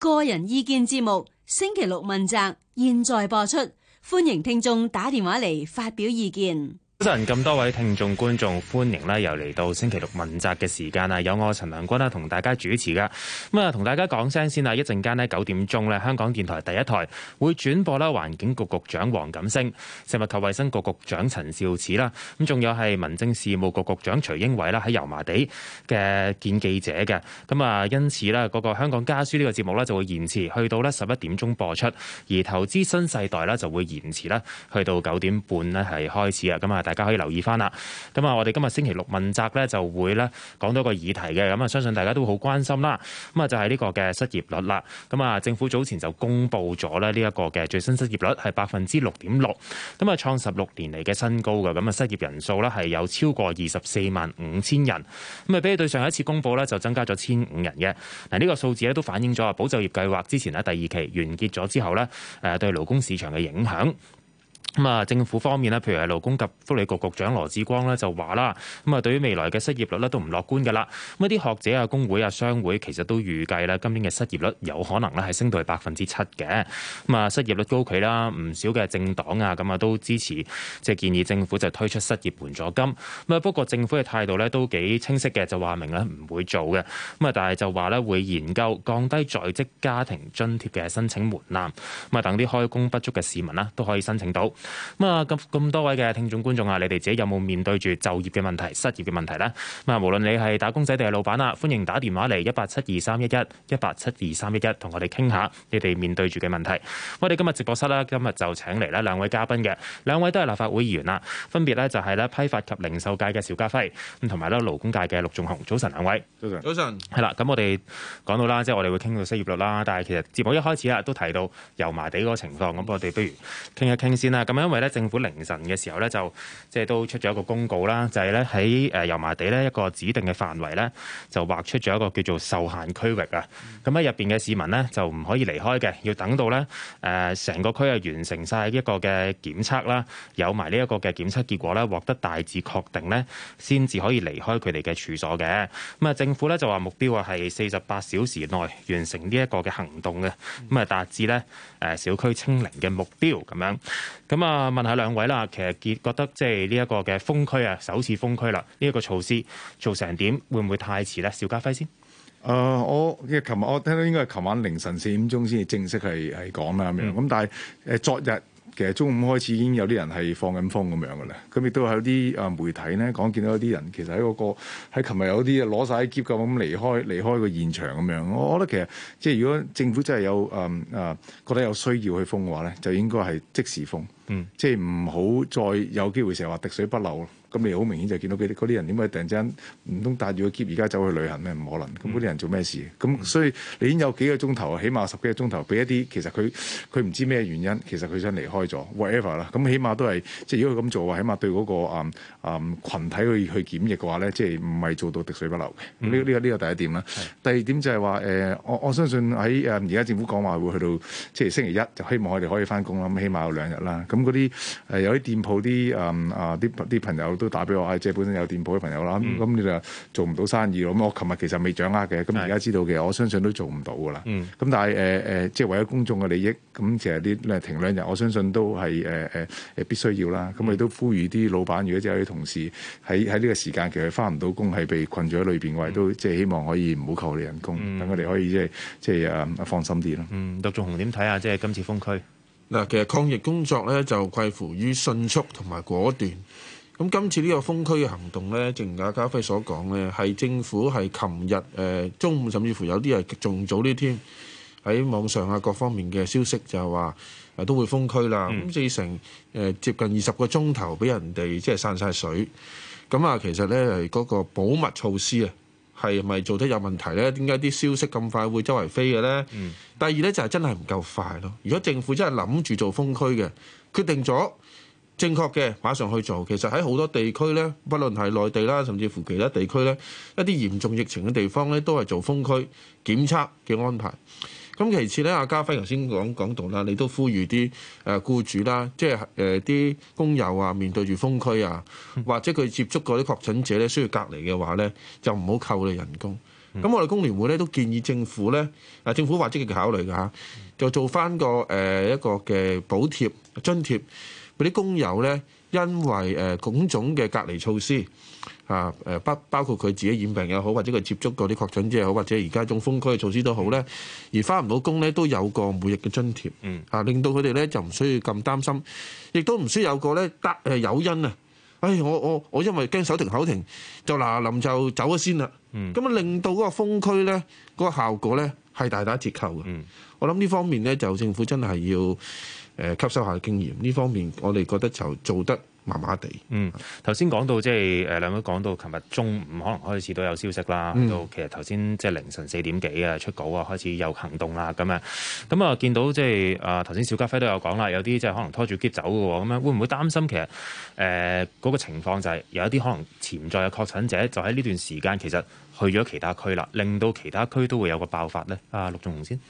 個人意見節目，星期六問責，現在播出，歡迎聽眾打電話嚟發表意見。早晨咁多位聽眾觀眾，歡迎呢又嚟到，星期六問責嘅時間啊，有我陳良君啦同大家主持噶。咁啊，同大家講聲先啦，一陣間咧九點鐘咧，香港電台第一台會轉播啦，環境局局長黃錦星、食物及衛生局局長陳肇始啦，咁仲有係民政事務局局長徐英偉啦，喺油麻地嘅見記者嘅。咁啊，因此啦嗰個香港家書呢個節目咧就會延遲去到咧十一點鐘播出，而投資新世代呢就會延遲啦去到九點半咧係開始啊。咁啊。大家可以留意翻啦。咁啊，我哋今日星期六問責咧，就會咧講到一個議題嘅。咁啊，相信大家都好關心啦。咁啊，就係呢個嘅失業率啦。咁啊，政府早前就公布咗咧呢一個嘅最新失業率係百分之六點六，咁啊創十六年嚟嘅新高嘅。咁啊，失業人數咧係有超過二十四萬五千人。咁啊，比起對上一次公佈咧，就增加咗千五人嘅。嗱，呢個數字咧都反映咗啊，保就業計劃之前呢第二期完結咗之後咧，誒對勞工市場嘅影響。咁啊，政府方面咧，譬如係勞工及福利局局長羅志光就話啦，咁啊，對於未來嘅失業率咧都唔樂觀噶啦。咁啲學者啊、工會啊、商會其實都預計咧，今年嘅失業率有可能咧係升到係百分之七嘅。咁啊，失業率高企啦，唔少嘅政黨啊，咁啊都支持即係建議政府就推出失業援助金。咁啊，不過政府嘅態度咧都幾清晰嘅，就話明咧唔會做嘅。咁啊，但係就話咧會研究降低在職家庭津貼嘅申請門檻，咁啊等啲開工不足嘅市民咧都可以申請到。咁啊，咁咁多位嘅聽眾觀眾啊，你哋自己有冇面對住就業嘅問題、失業嘅問題呢？咁啊，無論你係打工仔定係老闆啊，歡迎打電話嚟一八七二三一一一八七二三一一，同我哋傾下你哋面對住嘅問題。我哋今日直播室啦，今日就請嚟呢兩位嘉賓嘅，兩位都係立法會議員啦，分別呢就係呢，批發及零售界嘅邵家輝，咁同埋呢勞工界嘅陸頌雄。早晨，兩位，早晨，早晨，係啦。咁我哋講到啦，即係我哋會傾到失業率啦，但係其實節目一開始啊，都提到油麻地個情況。咁我哋不如傾一傾先啦。咁因為咧，政府凌晨嘅時候咧，就即係都出咗一個公告啦，就係咧喺誒油麻地咧一個指定嘅範圍咧，就劃出咗一個叫做受限區域啊。咁喺入邊嘅市民咧，就唔可以離開嘅，要等到咧誒成個區啊完成晒一個嘅檢測啦，有埋呢一個嘅檢測結果咧，獲得大致確定咧，先至可以離開佢哋嘅處所嘅。咁啊，政府咧就話目標啊係四十八小時內完成呢一個嘅行動嘅。咁啊，大致咧。誒小區清零嘅目標咁樣，咁啊問下兩位啦。其實結覺得即係呢一個嘅封區啊，首次封區啦，呢、這、一個措施做成點，會唔會太遲咧？邵家輝先。誒、呃，我嘅琴日我聽到應該係琴晚凌晨四點鐘先至正式係係講啦咁樣。咁、嗯、但係誒，昨日。其實中午開始已經有啲人係放緊風咁樣嘅喇。咁亦都係有啲媒體咧，講見到有啲人其實喺嗰個喺琴日有啲攞晒啲喼，咁離開離開，離開個現場咁樣，我我覺得其實即係如果政府真係有誒誒、呃、覺得有需要去封嘅話咧，就應該係即時封，嗯，即係唔好再有機會成日話滴水不漏。咁你好明顯就見到嗰啲嗰啲人點解突然之間唔通帶住個 j 而家走去旅行咩？唔可能！咁嗰啲人做咩事？咁、嗯、所以你已經有幾個鐘頭起碼十幾個鐘頭，俾一啲其實佢佢唔知咩原因，其實佢想離開咗 whatever 啦。咁起碼都係即係如果佢咁做話，起碼對嗰、那個嗯,嗯群體體去去檢疫嘅話咧，即係唔係做到滴水不流嘅？呢、嗯、呢、這個呢、這個第一點啦。第二點就係話、呃、我我相信喺而家政府講話會去到即係星期一就希望我哋可以翻工啦。咁起碼有兩日啦。咁嗰啲有啲店鋪啲、嗯、啊啲啲朋友。都打俾我啊！即係本身有店鋪嘅朋友啦，咁你就做唔到生意咯。咁我琴日其實未掌握嘅，咁而家知道嘅、嗯呃，我相信都做唔到噶啦。咁但係誒誒，即係為咗公眾嘅利益，咁其實呢停兩日，我相信都係誒誒誒必須要啦。咁我亦都呼籲啲老闆，如果即係有啲同事喺喺呢個時間其實翻唔到工，係被困咗喺裏邊，我哋都即係希望可以唔好扣你人工，等佢哋可以即係即係啊放心啲咯。嗯，陸頌雄點睇啊？即係今次封區嗱，其實抗疫工作咧就貴乎於迅速同埋果斷。咁今次呢個封區嘅行動呢，正如阿家輝所講呢係政府係琴日中午，甚至乎有啲人仲早啲添喺網上啊各方面嘅消息就係話、啊、都會封區啦。咁、嗯、四成、呃、接近二十個鐘頭俾人哋即係散晒水。咁啊，其實呢嗰、那個保密措施啊，係咪做得有問題呢？點解啲消息咁快會周圍飛嘅呢、嗯？第二呢，就係、是、真係唔夠快咯。如果政府真係諗住做封區嘅，決定咗。正確嘅，馬上去做。其實喺好多地區呢，不論係內地啦，甚至乎其他地區呢，一啲嚴重疫情嘅地方呢，都係做封區檢測嘅安排。咁其次呢，阿家輝頭先講講到啦，你都呼籲啲誒僱主啦，即係誒啲工友啊，面對住封區啊，或者佢接觸過啲確診者呢，需要隔離嘅話呢，就唔好扣你人工。咁、嗯、我哋工聯會呢，都建議政府呢，啊政府或者嘅考慮吓，就做翻個誒一個嘅補貼津貼。嗰啲工友咧，因為誒種種嘅隔離措施啊，誒包包括佢自己染病又好，或者佢接觸過啲確診者又好，或者而家種封區嘅措施都好咧，而翻唔到工咧都有個每日嘅津貼，啊，令到佢哋咧就唔需要咁擔心，亦都唔需要有個咧得誒誘因啊！哎，我我我因為驚手停口停，就嗱臨就走咗先啦。咁啊，令到嗰個封區咧，嗰個效果咧係大打折扣嘅。我諗呢方面咧，就政府真係要，誒吸收下的經驗，呢方面我哋覺得就做得麻麻地。嗯，頭先講到即係誒兩位講到，琴日中午可能開始都有消息啦，嗯，到其實頭先即係凌晨四點幾啊出稿啊開始有行動啦咁啊，咁啊見到即係啊頭先邵家輝都有講啦，有啲即係可能拖住喼走嘅喎。咁樣會唔會擔心其實誒嗰個情況就係有一啲可能潛在嘅確診者就喺呢段時間其實去咗其他區啦，令到其他區都會有個爆發咧？啊，陸頌雄先。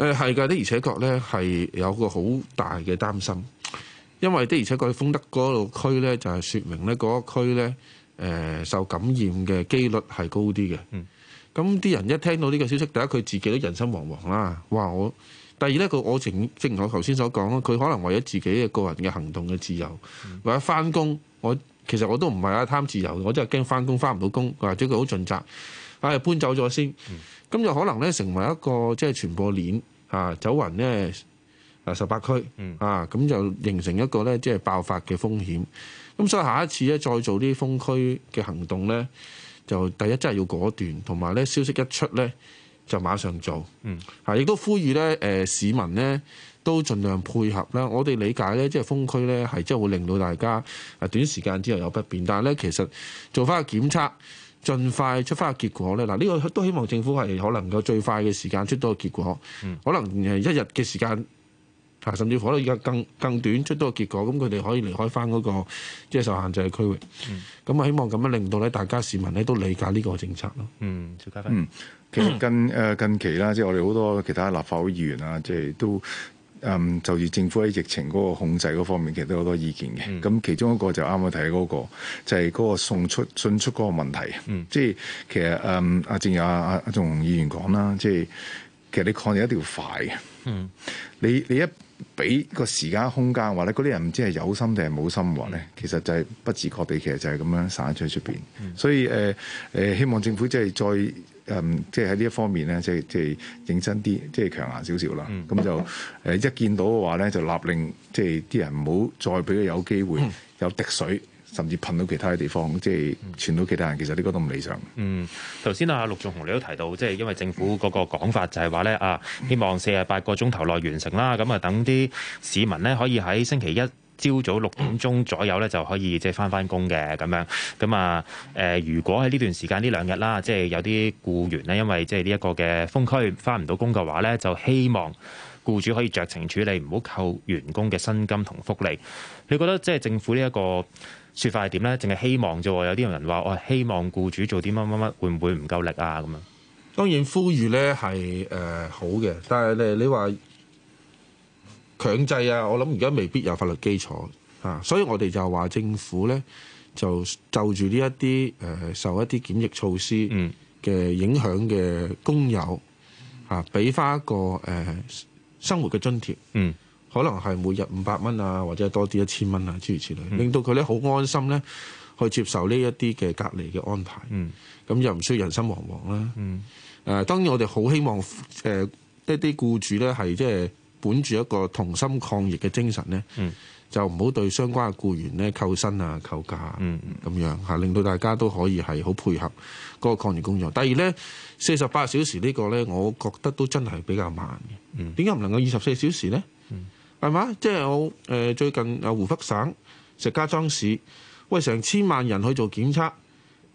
誒係㗎，是的而且確咧係有個好大嘅擔心，因為的而且確封得嗰度區咧，就係説明咧嗰一區咧誒受感染嘅機率係高啲嘅。咁、嗯、啲人一聽到呢個消息，第一佢自己都人心惶惶啦，哇我！第二咧佢我情，正如我頭先所講，佢可能為咗自己嘅個人嘅行動嘅自由，為咗翻工，我其實我都唔係啊貪自由，我真係驚翻工翻唔到工，或者佢好盡責，啊、哎、搬走咗先，咁、嗯、就可能咧成為一個即係傳播鏈。啊，走勻咧，啊十八區，啊咁就形成一個咧，即係爆發嘅風險。咁所以下一次咧，再做啲封區嘅行動咧，就第一真係要果斷，同埋咧消息一出咧，就馬上做。嗯，啊亦都呼籲咧，誒市民咧都盡量配合啦。我哋理解咧，即係封區咧係即係會令到大家啊短時間之後有不便，但係咧其實做翻個檢測。盡快出翻個結果咧，嗱、這、呢個都希望政府係可能夠最快嘅時間出到個結果，嗯、可能係一日嘅時間，甚至乎可能而家更更短出到個結果，咁佢哋可以離開翻、那、嗰個即、就是、受限制嘅區域。咁啊，希望咁樣令到咧大家，嗯、大家市民咧都理解呢個政策咯。嗯，嗯，其實近誒近期啦， 即係我哋好多其他立法會議員啊，即係都。誒、嗯，就如政府喺疫情嗰個控制嗰方面，其實都好多意見嘅。咁、嗯、其中一個就啱啱提嗰、那個，就係、是、嗰個送出進出嗰個問題。嗯、即係其實誒，阿鄭阿阿阿仲議員講啦，即係其實你抗疫一定要快嘅。嗯，你，你你一俾個時間空間話咧，嗰啲人唔知係有心定係冇心話咧、嗯，其實就係不自覺地其實就係咁樣散出去出邊。嗯、所以誒誒、呃，希望政府即係再。誒、嗯，即係喺呢一方面咧，即係即係認真啲，即係強硬少少啦。咁、嗯、就誒，一見到嘅話咧，就立令，即係啲人唔好再俾佢有機會有滴水，嗯、甚至噴到其他嘅地方，即係傳到其他人。其實呢個都唔理想。嗯，頭先啊，陸頌雄你都提到，即係因為政府嗰個講法就係話咧啊，希望四十八個鐘頭內完成啦。咁啊，等啲市民咧可以喺星期一，朝早六點鐘左右咧，就可以即係翻返工嘅咁樣。咁啊，誒，如果喺呢段時間呢兩日啦，即係有啲僱員咧，因為即係呢一個嘅封區翻唔到工嘅話咧，就希望僱主可以酌情處理，唔好扣員工嘅薪金同福利。你覺得即係政府呢一個説法係點咧？淨係希望啫喎，有啲人話，我希望僱主做啲乜乜乜，會唔會唔夠力啊？咁啊，當然呼籲咧係誒好嘅，但係咧你話。強制啊！我諗而家未必有法律基礎，啊、所以我哋就話政府咧就就住呢一啲誒受一啲檢疫措施嘅影響嘅工友嚇，俾、啊、翻一個、呃、生活嘅津貼，嗯，可能係每日五百蚊啊，或者多啲一千蚊啊之類之類，令到佢咧好安心咧去接受呢一啲嘅隔離嘅安排。咁、嗯嗯、又唔需要人心惶惶啦。誒、嗯啊、當然我哋好希望誒一啲僱主咧係即係。即係本住一個同心抗疫嘅精神呢、嗯、就唔好對相關嘅僱員呢扣薪啊、扣假啊，咁、嗯嗯、樣嚇令到大家都可以係好配合嗰個抗疫工作。第二呢，四十八小時呢個呢，我覺得都真係比較慢嘅。點解唔能夠二十四小時呢？係、嗯、嘛？即係、就是、我、呃、最近啊，湖北省石家莊市喂成千萬人去做檢測。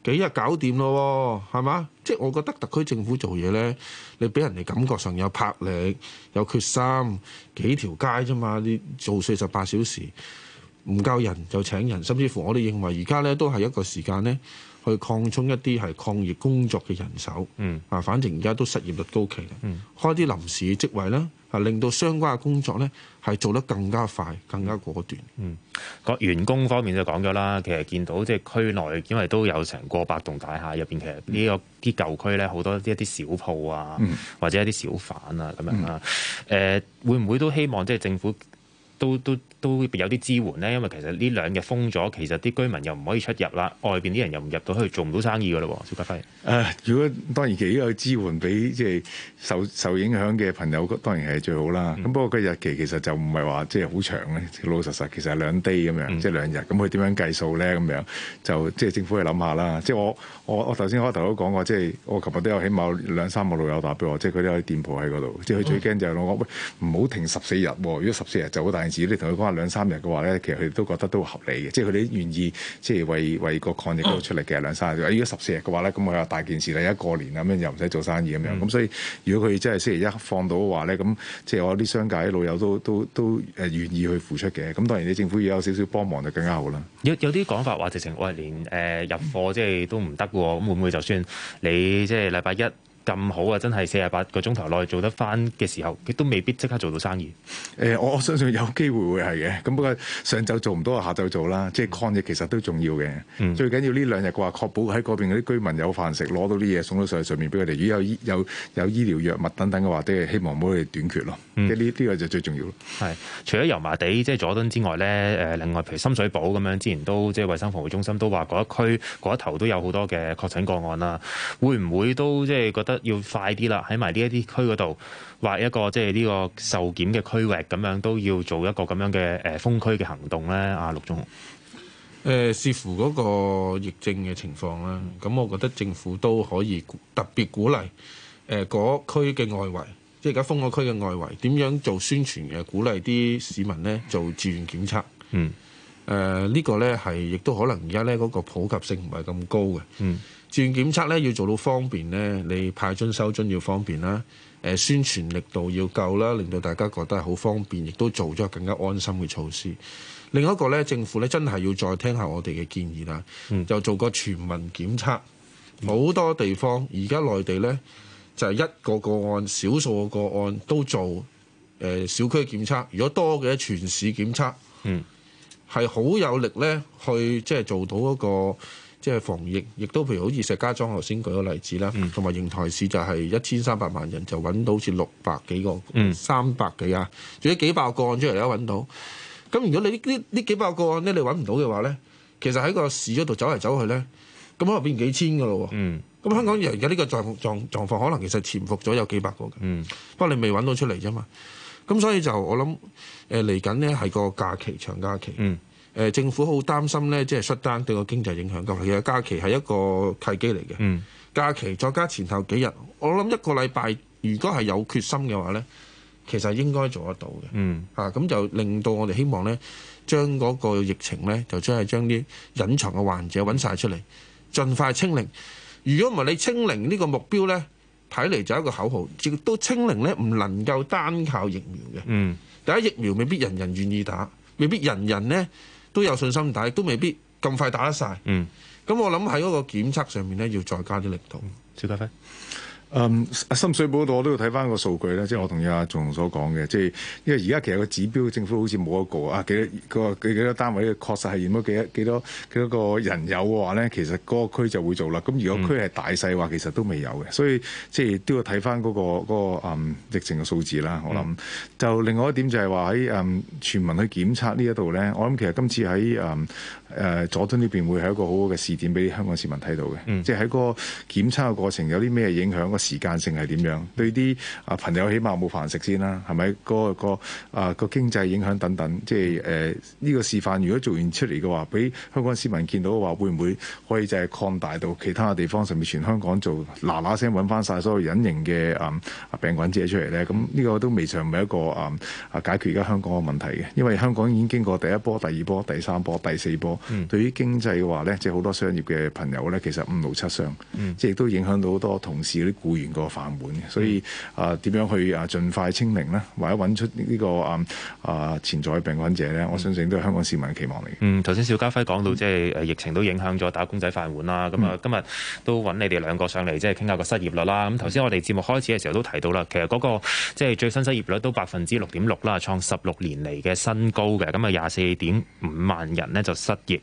幾日搞掂咯？係嘛？即我覺得特區政府做嘢呢，你俾人哋感覺上有魄力、有決心，幾條街啫嘛？你做四十八小時唔夠人就請人，甚至乎我哋認為而家呢都係一個時間呢。去擴充一啲係抗疫工作嘅人手，嗯啊，反正而家都失業率高企啦，嗯，開啲臨時職位咧，係令到相關嘅工作咧係做得更加快、更加果斷。嗯，個員工方面就講咗啦，其實見到即係區內因為都有成過百棟大廈入邊、嗯，其實呢個啲舊區咧好多一啲小鋪啊、嗯，或者一啲小販啊咁、嗯、樣啦，誒、呃、會唔會都希望即係政府？都都都有啲支援咧，因為其實呢兩日封咗，其實啲居民又唔可以出入啦，外邊啲人又唔入到去，做唔到生意噶啦。邵家輝，誒，如果當然其有支援俾即係受受影響嘅朋友，當然係最好啦。咁、嗯、不過個日期其實就唔係話即係好長咧，老老實實其實係兩 day 咁樣，嗯、即係兩日。咁佢點樣計數咧？咁樣就即係政府去諗下啦。即係我我我頭先開頭都講過，即係我琴日都有起碼兩三個老友打俾我，即係佢都有啲店鋪喺嗰度。即係佢最驚就係、是嗯、我講，喂唔好停十四日喎，如果十四日就好大你同佢講話兩三日嘅話咧，其實佢哋都覺得都合理嘅，即係佢哋願意即係為為個抗疫都出力嘅兩三日。如果十四日嘅話咧，咁我話大件事啦，而家過年咁樣又唔使做生意咁樣。咁、嗯、所以如果佢真係星期一放到嘅話咧，咁即係我啲商界啲老友都都都誒願意去付出嘅。咁當然你政府要有少少幫忙就更加好啦。有有啲講法話直情我係連誒、呃、入貨即係都唔得喎，咁、嗯、會唔會就算你即係禮拜一？咁好啊！真係四十八個鐘頭內做得返嘅時候，亦都未必即刻做到生意、呃。我相信有機會會係嘅。咁不過上晝做唔到，下晝做啦。即係抗疫其實都重要嘅、嗯。最緊要呢兩日嘅話，確保喺嗰邊嗰啲居民有飯食，攞到啲嘢送到上上面俾佢哋。如果有有有醫療藥物等等嘅話，都係希望唔好係短缺咯、嗯。即呢啲就最重要咯。除咗油麻地即係佐敦之外咧、呃，另外譬如深水埗咁樣，之前都即係衛生防護中心都話嗰一區嗰一頭都有好多嘅確診個案啦。會唔會都即係覺得？要快啲啦，喺埋呢一啲區嗰度劃一個即係呢個受檢嘅區域，咁樣都要做一個咁樣嘅誒、呃、封區嘅行動咧。啊，陸、呃、總，誒視乎嗰個疫症嘅情況啦。咁、嗯、我覺得政府都可以特別鼓勵誒嗰區嘅外圍，即係而家封嗰區嘅外圍，點樣做宣傳嘅鼓勵啲市民咧做自願檢測。嗯，誒、呃、呢、這個咧係亦都可能而家咧嗰個普及性唔係咁高嘅。嗯。做檢測咧要做到方便咧，你派樽收樽要方便啦，誒宣傳力度要夠啦，令到大家覺得好方便，亦都做咗更加安心嘅措施。另一個咧，政府咧真係要再聽下我哋嘅建議啦，就做個全民檢測。好多地方而家內地咧就係一個個案、少數個個案都做誒小區檢測，如果多嘅全市檢測，係、嗯、好有力咧去即係做到一個。即、就、係、是、防疫，亦都譬如好似石家莊頭先舉個例子啦，同埋邢台市就係一千三百萬人就揾到好似六百幾個、三百幾啊，仲有幾百個案出嚟而家揾到。咁如果你呢呢幾百個案咧你揾唔到嘅話咧，其實喺個市嗰度走嚟走去咧，咁可能變幾千噶咯。咁、嗯、香港人而家呢個狀狀，狀，狀況可能其實潛伏咗有幾百個嘅、嗯，不過你未揾到出嚟啫嘛。咁所以就我諗誒嚟緊咧係個假期長假期。嗯誒政府好擔心咧，即係 shut down 對個經濟影響。近期嘅假期係一個契機嚟嘅。假期再加前後幾日，我諗一個禮拜，如果係有決心嘅話咧，其實應該做得到嘅。嚇咁就令到我哋希望咧，將嗰個疫情咧就真係將啲隱藏嘅患者揾晒出嚟，盡快清零。如果唔係你清零呢個目標咧，睇嚟就係一個口號。亦都清零咧，唔能夠單靠疫苗嘅。第一，疫苗未必人人願意打，未必人人咧。都有信心打，都未必咁快打得晒。嗯，咁我諗喺嗰個檢測上面呢，要再加啲力度。邵、嗯、家輝。誒、嗯、深水埗度我都要睇翻個數據咧、嗯，即係我同意阿雄所講嘅，即、就、係、是、因為而家其實個指標政府好似冇一個啊幾多個幾多單位，確實係驗咗幾多幾多幾多個人有嘅話咧，其實個個區就會做啦。咁如果區係大細話，其實都未有嘅，所以即係都要睇翻嗰個嗰、那個嗯、疫情嘅數字啦。我諗、嗯、就另外一點就係話喺誒全民去檢測呢一度咧，我諗其實今次喺誒。嗯誒、呃，佐敦呢邊會係一個好好嘅試點，俾香港市民睇到嘅。嗯，即係喺個檢測嘅過程有啲咩影響，個時間性係點樣？對啲啊朋友，起碼冇飯食先啦、啊，係咪？個個啊個經濟影響等等，即係誒呢個示範，如果做完出嚟嘅話，俾香港市民見到嘅話，會唔會可以就係擴大到其他嘅地方，甚至全香港做嗱嗱聲揾翻晒所有隱形嘅啊、嗯、病菌者出嚟咧？咁、嗯、呢個都未嘗唔係一個啊啊、嗯、解決而家香港嘅問題嘅，因為香港已經經過第一波、第二波、第三波、第四波。對於經濟嘅話呢，即係好多商業嘅朋友呢，其實五勞七傷，即係亦都影響到好多同事啲僱員個飯碗，所以啊，點樣去啊，盡快清零呢？或者揾出呢個啊啊潛在嘅病患者呢？我相信都係香港市民嘅期望嚟。嗯，頭先邵家輝講到即係疫情都影響咗打工仔飯碗啦。咁、嗯、啊，今日都揾你哋兩個上嚟即係傾下個失業率啦。咁頭先我哋節目開始嘅時候都提到啦，其實嗰個即係最新失業率都百分之六點六啦，創十六年嚟嘅新高嘅。咁啊，廿四點五萬人呢就失。點、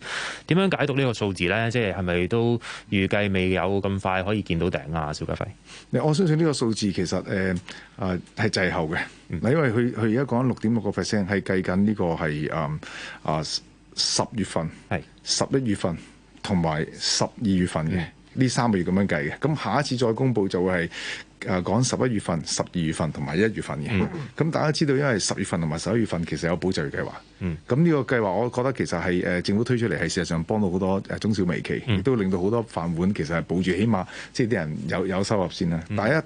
yeah. 樣解讀呢個數字呢？即係係咪都預計未有咁快可以見到頂啊？邵家輝，我相信呢個數字其實誒啊係滯後嘅，因為佢佢而家講緊六點六個 percent 係計緊呢個係誒啊十月份、係十一月份同埋十二月份嘅。嗯呢三個月咁樣計嘅，咁下一次再公布就會係誒講十一月份、十二月份同埋一月份嘅。咁、mm-hmm. 大家知道，因為十月份同埋十一月份其實有補救計劃。咁、mm-hmm. 呢個計劃，我覺得其實係誒、呃、政府推出嚟係事實上幫到好多中小微企，亦、mm-hmm. 都令到好多飯碗其實係保住，起碼即係啲人有有收入先啦。第、mm-hmm. 一。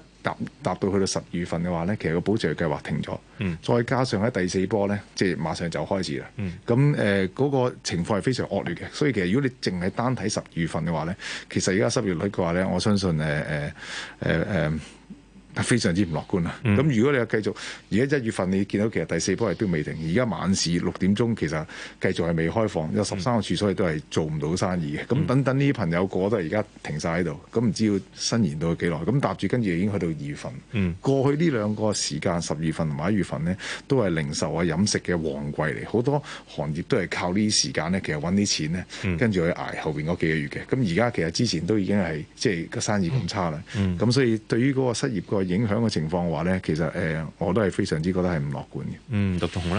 達到去到十月份嘅話呢，其實個保障計劃停咗，嗯、再加上喺第四波呢，即、就、係、是、馬上就開始啦。咁誒嗰個情況係非常惡劣嘅，所以其實如果你淨係單睇十月份嘅話呢，其實而家失業率嘅話呢，我相信誒誒誒非常之唔樂觀咁、嗯、如果你又繼續，而家一月份你見到其實第四波係都未停。而家晚市六點鐘其實繼續係未開放，有十三個處所都係做唔到生意嘅。咁、嗯、等等呢啲朋友過得而家停晒喺度，咁唔知道要伸延到幾耐？咁搭住跟住已經去到二月份。嗯、過去呢兩個時間，十二月份同埋一月份呢，都係零售啊飲食嘅旺季嚟，好多行業都係靠呢啲時間呢，其實搵啲錢呢，嗯、跟住去捱後面嗰幾個月嘅。咁而家其實之前都已經係即係個生意咁差啦。咁、嗯嗯、所以對於嗰個失業個影響嘅情況嘅話咧，其實誒、呃、我都係非常之覺得係唔樂觀嘅。嗯，陸同好啦。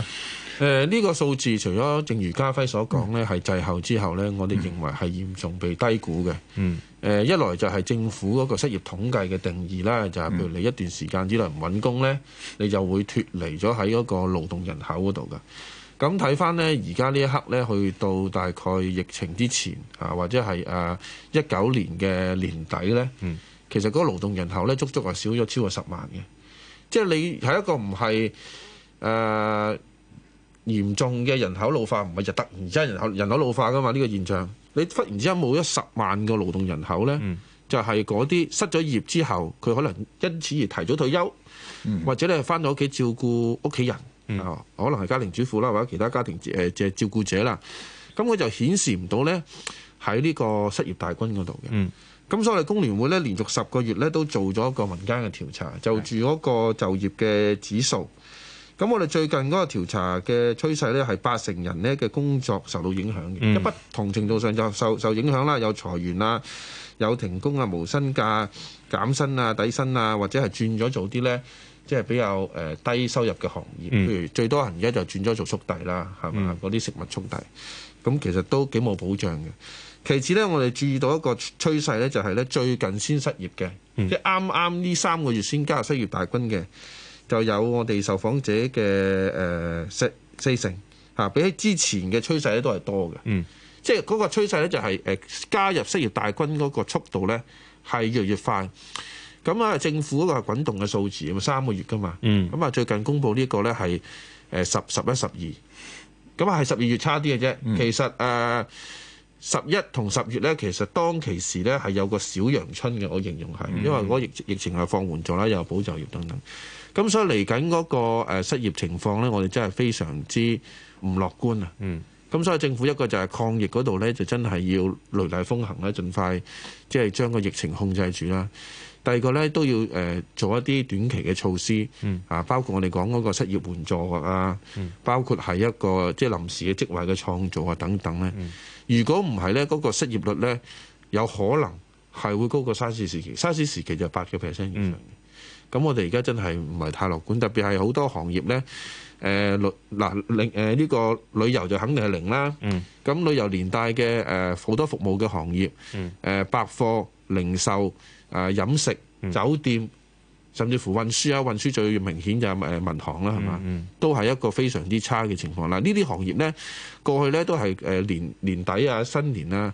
呢、呃呢個數字，除咗正如家輝所講呢，係、嗯、滯後之後呢，我哋認為係嚴重被低估嘅。嗯。誒、呃、一來就係政府嗰個失業統計嘅定義啦，就係、係、譬如你一段時間之內唔揾工呢，你就會脫離咗喺嗰個勞動人口嗰度嘅。咁睇翻呢，而家呢一刻呢，去到大概疫情之前啊，或者係誒一九年嘅年底呢。嗯。其實嗰個勞動人口咧，足足係少咗超過十萬嘅。即係你係一個唔係誒嚴重嘅人口老化，唔係日突然之間人口人口老化噶嘛？呢、呢個現象，你忽然之間冇咗十萬個勞動人口咧、嗯，就係嗰啲失咗業之後，佢可能因此而提早退休，嗯、或者你返到屋企照顧屋企人，哦、嗯，可能係家庭主婦啦，或者其他家庭即嘅、呃、照顧者啦。咁佢就顯示唔到咧喺呢個失業大軍嗰度嘅。嗯咁所以我哋工聯會咧連續十個月咧都做咗一個民間嘅調查，就住嗰個就業嘅指數。咁我哋最近嗰個調查嘅趨勢咧係八成人咧嘅工作受到影響嘅，一不同程度上就受受影響啦，有裁員啊，有停工啊，無薪假、減薪啊、底薪啊，或者係轉咗做啲咧。即係比較誒低收入嘅行業，譬如最多人而家就轉咗做速遞啦，係、嗯、嘛？嗰啲食物速遞，咁其實都幾冇保障嘅。其次呢，我哋注意到一個趨勢呢，就係呢最近先失業嘅、嗯，即係啱啱呢三個月先加入失業大軍嘅，就有我哋受訪者嘅誒四四成嚇，比起之前嘅趨勢呢都係多嘅、嗯。即係嗰個趨勢呢就係誒加入失業大軍嗰個速度呢，係越嚟越快。咁啊，政府嗰個係滾動嘅數字啊，嘛三個月噶嘛。咁、嗯、啊，最近公布呢個呢係誒十十一十二，咁啊係十二月差啲嘅啫。其實誒十一同十月呢，其實當其時呢係有個小陽春嘅。我形容係、嗯、因為個疫疫情係放緩咗啦，又保就業等等。咁所以嚟緊嗰個失業情況呢，我哋真係非常之唔樂觀啊。嗯，咁所以政府一個就係抗疫嗰度呢，就真係要雷厲風行咧，盡快即係將個疫情控制住啦。第二個咧都要誒做一啲短期嘅措施，啊，包括我哋講嗰個失業援助啊，包括係一個即係臨時嘅職位嘅創造啊等等咧。如果唔係咧，嗰個失業率咧有可能係會高過沙士時期。沙士時期就八個 percent 以上，咁我哋而家真係唔係太樂觀，特別係好多行業咧，誒，嗱，誒呢個旅遊就肯定係零啦。嗯。咁旅遊連帶嘅誒好多服務嘅行業，誒，百貨零售。誒飲食、酒店，嗯、甚至乎運輸啊，運輸最明顯就係誒民航啦，係嘛，嗯嗯都係一個非常之差嘅情況。嗱，呢啲行業咧，過去咧都係誒年年底啊、新年啊，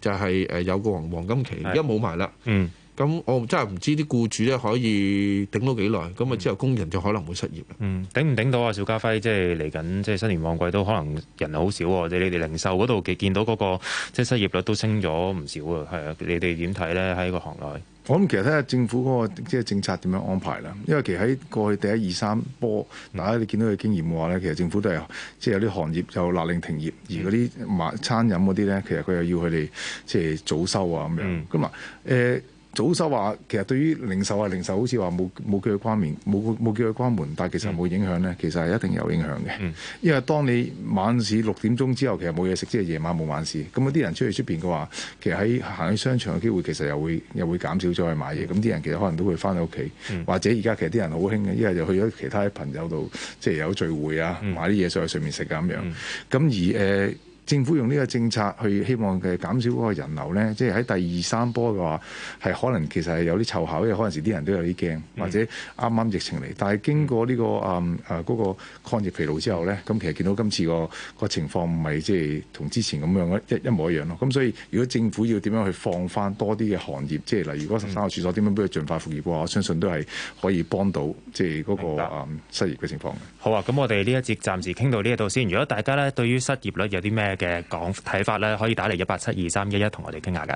就係、係、誒有個黃黃金期，而家冇埋啦。嗯，嗯，咁我真係唔知啲僱主咧可以頂到幾耐，咁啊之後工人就可能會失業。嗯，頂唔頂到啊？邵家輝，即係嚟緊，即係新年旺季都可能人好少喎。或者你哋零售嗰度見到嗰、嗰個即係失業率都升咗唔少啊。係啊，你哋點睇咧？喺個行內？我諗其實睇下政府嗰個即係政策點樣安排啦，因為其實喺過去第一二三波，嗯、大家你見到佢經驗嘅話咧，其實政府都係即係有啲行業有勒令停業，而嗰啲買餐飲嗰啲咧，其實佢又要佢哋即係早收啊咁樣，咁、嗯、啊早收話其實對於零售啊，零售好似話冇冇叫佢關門，冇冇叫佢關門，但其實冇影響咧。其實係一定有影響嘅、嗯，因為當你晚市六點鐘之後，其實冇嘢食，即係夜晚冇晚市。咁啲人出去出面嘅話，其實喺行去商場嘅機會，其實又會又會減少咗去買嘢。咁啲人其實可能都會翻到屋企，或者而家其實啲人好興嘅，一係就去咗其他朋友度，即係有聚會啊，買啲嘢上去上面食咁樣。咁、嗯嗯嗯、而、呃政府用呢個政策去希望嘅減少嗰個人流呢，即係喺第二三波嘅話，係可能其實係有啲湊巧，因為可能時啲人都有啲驚，或者啱啱疫情嚟。但係經過呢、呢個誒誒、嗯啊嗰個、抗疫疲勞之後呢，咁其實見到今次個個情況唔係即係同之前咁樣一一模一樣咯。咁所以如果政府要點樣去放翻多啲嘅行業，即係例如如果十三個處所點樣幫佢盡快復業嘅話，我相信都係可以幫到即係嗰個失業嘅情況嘅。好啊，咁我哋呢一節暫時傾到呢度先。如果大家呢對於失業率有啲咩，嘅講睇法咧，可以打嚟一八七二三一一同我哋傾下嘅。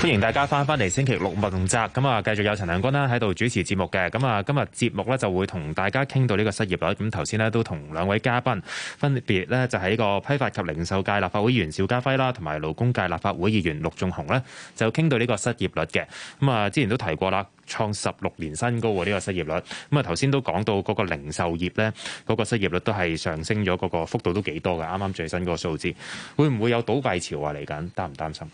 歡迎大家翻返嚟星期六問責咁啊，繼續有陳良君啦喺度主持節目嘅。咁啊，今日節目咧就會同大家傾到呢個失業率。咁頭先呢，都同兩位嘉賓分別咧就喺個批發及零售界立法會議員邵家輝啦，同埋勞工界立法會議員陸頌雄咧就傾到呢個失業率嘅。咁啊，之前都提過啦。創十六年新高喎，呢個失業率咁啊。頭先都講到嗰個零售業咧，嗰個失業率都係上升咗，嗰個幅度都幾多嘅。啱啱最新嗰個數字，會唔會有倒閉潮啊？嚟緊擔唔擔心？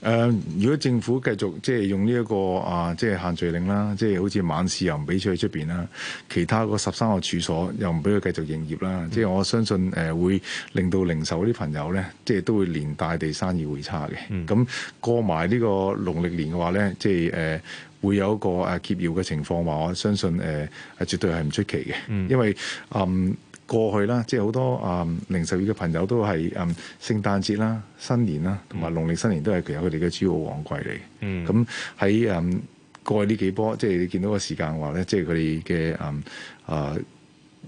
誒、呃，如果政府繼續即係用呢一個啊，即係、呢個呃、限聚令啦，即係好似晚市又唔俾出去出邊啦，其他嗰十三個處所又唔俾佢繼續營業啦、嗯。即係我相信誒會令到零售啲朋友咧，即係都會連帶地生意會差嘅。咁、嗯、過埋呢個農曆年嘅話咧，即係誒。呃會有一個誒結業嘅情況，話我相信誒係、呃、絕對係唔出奇嘅，嗯，因為誒、嗯、過去啦，即係好多誒零售業嘅朋友都係誒、呃、聖誕節啦、新年啦，同埋農曆新年都係其實佢哋嘅主要旺季嚟。咁喺誒過去呢幾波，即係你見到個時間話咧，即係佢哋嘅誒啊。呃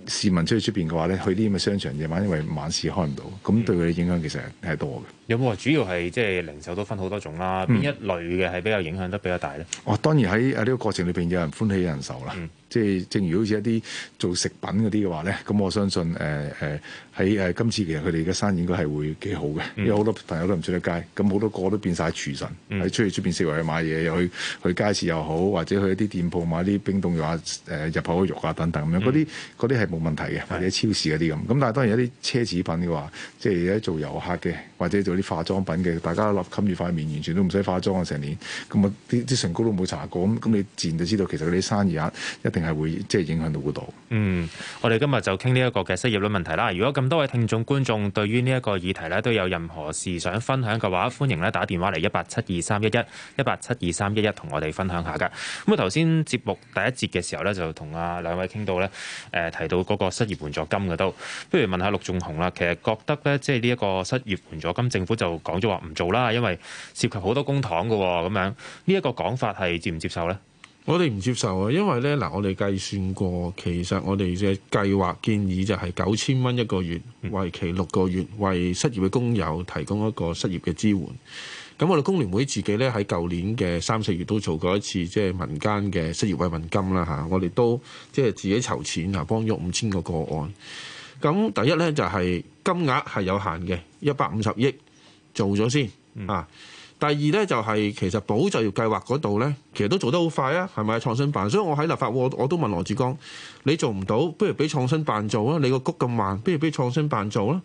市民出去出面嘅話咧，去啲咁嘅商場夜晚，因為晚市開唔到，咁對佢影響其實係多嘅、嗯。有冇話主要係即係零售都分好多種啦，邊一類嘅係比較影響得比較大咧？哦，當然喺啊呢個過程裏邊有人歡喜有人愁啦。嗯即係正如好似一啲做食品嗰啲嘅話咧，咁我相信誒誒喺誒今次其實佢哋嘅生意應該係會幾好嘅，因為好多朋友都唔出得街，咁好多個都變晒廚神，喺出去出邊四圍去買嘢，又去去街市又好，或者去一啲店鋪買啲冰凍肉啊、誒入口嘅肉啊等等咁樣，嗰啲嗰啲係冇問題嘅，或者超市嗰啲咁。咁但係當然有啲奢侈品嘅話，即係有啲做遊客嘅。或者做啲化妝品嘅，大家立笠冚住塊面，完全都唔使化妝啊！成年咁啊，啲啲唇膏都冇搽過，咁咁你自然就知道，其實嗰啲生意額一定係會即係、就是、影響到嗰度。嗯，我哋今日就傾呢一個嘅失業率問題啦。如果咁多位聽眾觀眾對於呢一個議題呢，都有任何事想分享嘅話，歡迎呢打電話嚟一八七二三一一一八七二三一一同我哋分享一下噶。咁啊頭先節目第一節嘅時候呢，就同啊兩位傾到呢，誒、呃、提到嗰個失業援助金嘅都，不如問，問下陸頌雄啦。其實覺得呢，即係呢一個失業援助。今政府就講咗話唔做啦，因為涉及好多工廠嘅咁樣，呢、這、一個講法係接唔接受呢？我哋唔接受啊，因為呢嗱，我哋計算過，其實我哋嘅計劃建議就係九千蚊一個月，為期六個月，為失業嘅工友提供一個失業嘅支援。咁我哋工聯會自己呢，喺舊年嘅三四月都做過一次，即、就、係、是、民間嘅失業慰民金啦嚇、啊。我哋都即係、就是、自己籌錢啊，幫咗五千個個案。咁第一呢，就係、是、金額係有限嘅，一百五十億做咗先、嗯、啊。第二呢，就係、是、其實保就業計劃嗰度呢，其實都做得好快啊，係咪創新辦？所以我喺立法會，我我都問羅致光，你做唔到，不如俾創新辦做啊？你個谷咁慢，不如俾創新辦做啦。